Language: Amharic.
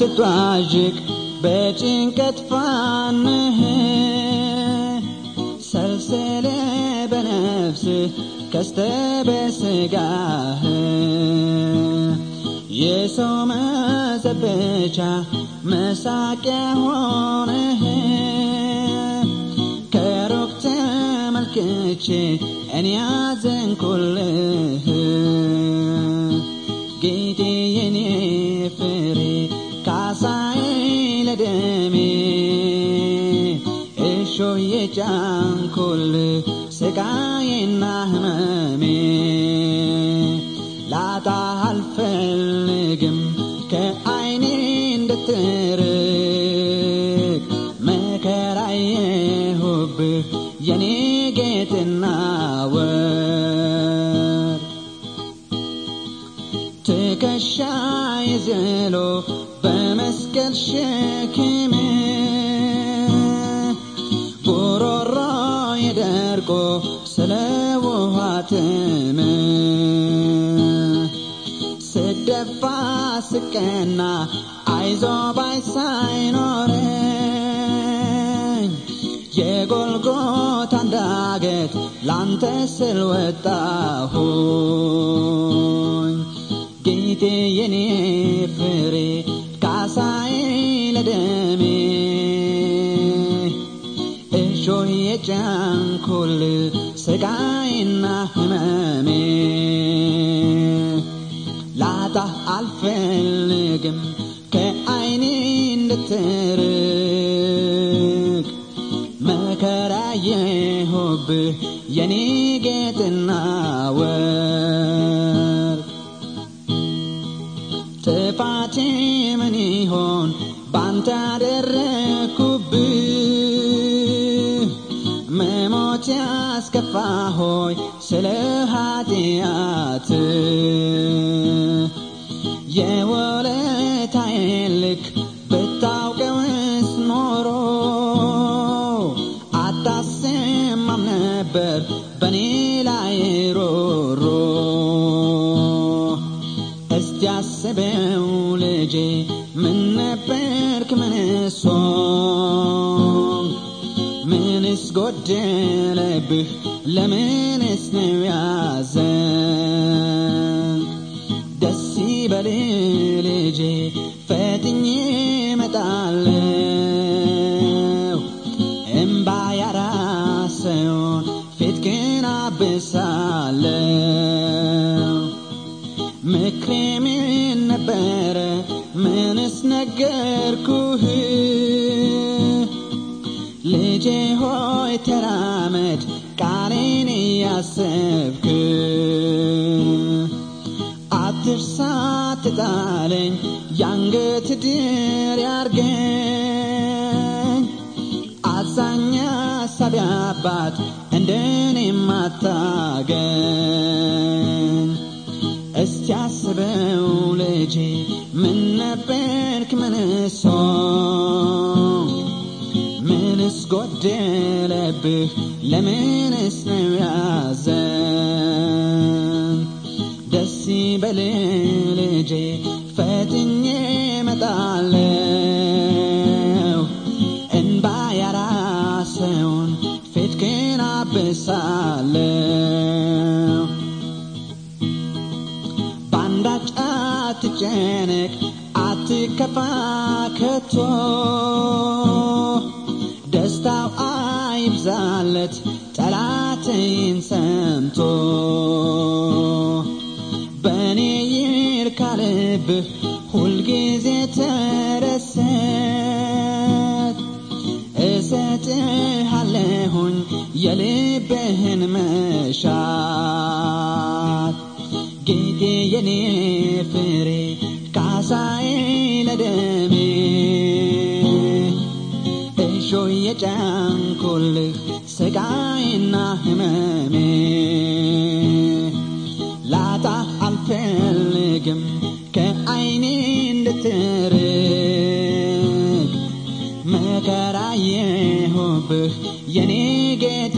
ስትዋዥቅ በጭንቀት ፋንህ ሰልስለ በነፍስህ ከስተ በስጋህ የሰው መዘበቻ መሳቂያ ሆነህ ከሩቅ ተመልክቼ እኔ ያዘንኩልህ ጌቴ የኔ ለደሜ እሾ የጫንኩል ስቃዬና ህመሜ ላጣ አልፈልግም ከአይኔ እንድትርቅ መከራየሁብህ የኔ ጌጥና ወር ትከሻ ዘሎ በመስቀል ሸክም ጉሮሮ የደርቆ ስለ ውሃ ትም ስደፋ ስቀና አይዞ ባይ ሳይኖረኝ የጎልጎታን ዳገት ላንተ ስል ወጣሁ መድኃኒቴ የኔ ፍሬ ካሳዬ ለደሜ እሾህ የጫንኩል ስቃይና ህመሜ ላጣ አልፈልግም ከአይኔ እንድትርቅ መከራ የሆብህ የኔ ጌጥና ወ ጥፋቴ ምን ይሆን ባንተ አደረግኩብህ መሞት ያስከፋ ሆይ ስለ ኃጢአት የወለታዬን ብታውቀውስ ኖሮ አታሰማም ነበር በእኔ ላይ ሮሮ እስቲ አስበን ልጄ ምን ነበርክ ምንሷ ምንስ ጎደለብህ ለምንስ ነው ያዘን ደስ ይበል ልጄ ፈጥኜ እመጣለሁ እምባ ያራሰውን ፊት ግን አብሳለሁ ምክሬ ምን ነበረ ነገርኩህ ልጄ ሆይ ተራመድ ቃሌን እያሰብክ አትርሳ ትጣለኝ ያንገት ድር ያርገኝ አዛኛ ሳቢ አባት እንደኔ ማታገኝ እስቲ አስበው ልጄ ምን ነበር የጎደለብህ ለምንስ ነው ያዘን? ደስ ይበል ልጄ ፈጥኜ እመጣለሁ። እንባ ያራሰውን ፊትክን አብሳለሁ። ባንዳች አትጨነቅ አትከፋ ከቶ በዛለት ጠላትን ሰምቶ በእኔ ይር ልብህ ሁልጊዜ ተረሰት እሰጥሃለሁኝ የልብህን መሻት ጌጌ የኔ ፍሬ ካሳይ ለደሜ የጫንኩልህ ስቃይና ህመሜ ላጣ አልፈልግም ከአይኔ እንድትርቅ መከራ የሆብህ የኔ ጌታ